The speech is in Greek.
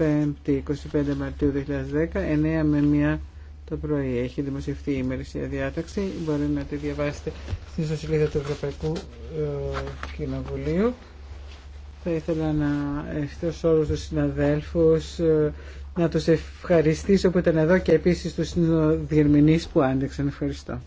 5 25 Μαρτίου 2010, 9 με 1 το πρωί. Έχει δημοσιευτεί η ημερησία διάταξη. Μπορεί να τη διαβάσετε στη ιστοσελίδα του Ευρωπαϊκού ε, Κοινοβουλίου. Θα ήθελα να σε όλους τους συναδέλφους, ε, να τους ευχαριστήσω που ήταν εδώ και επίσης τους διερμηνείς που άντεξαν. Ευχαριστώ.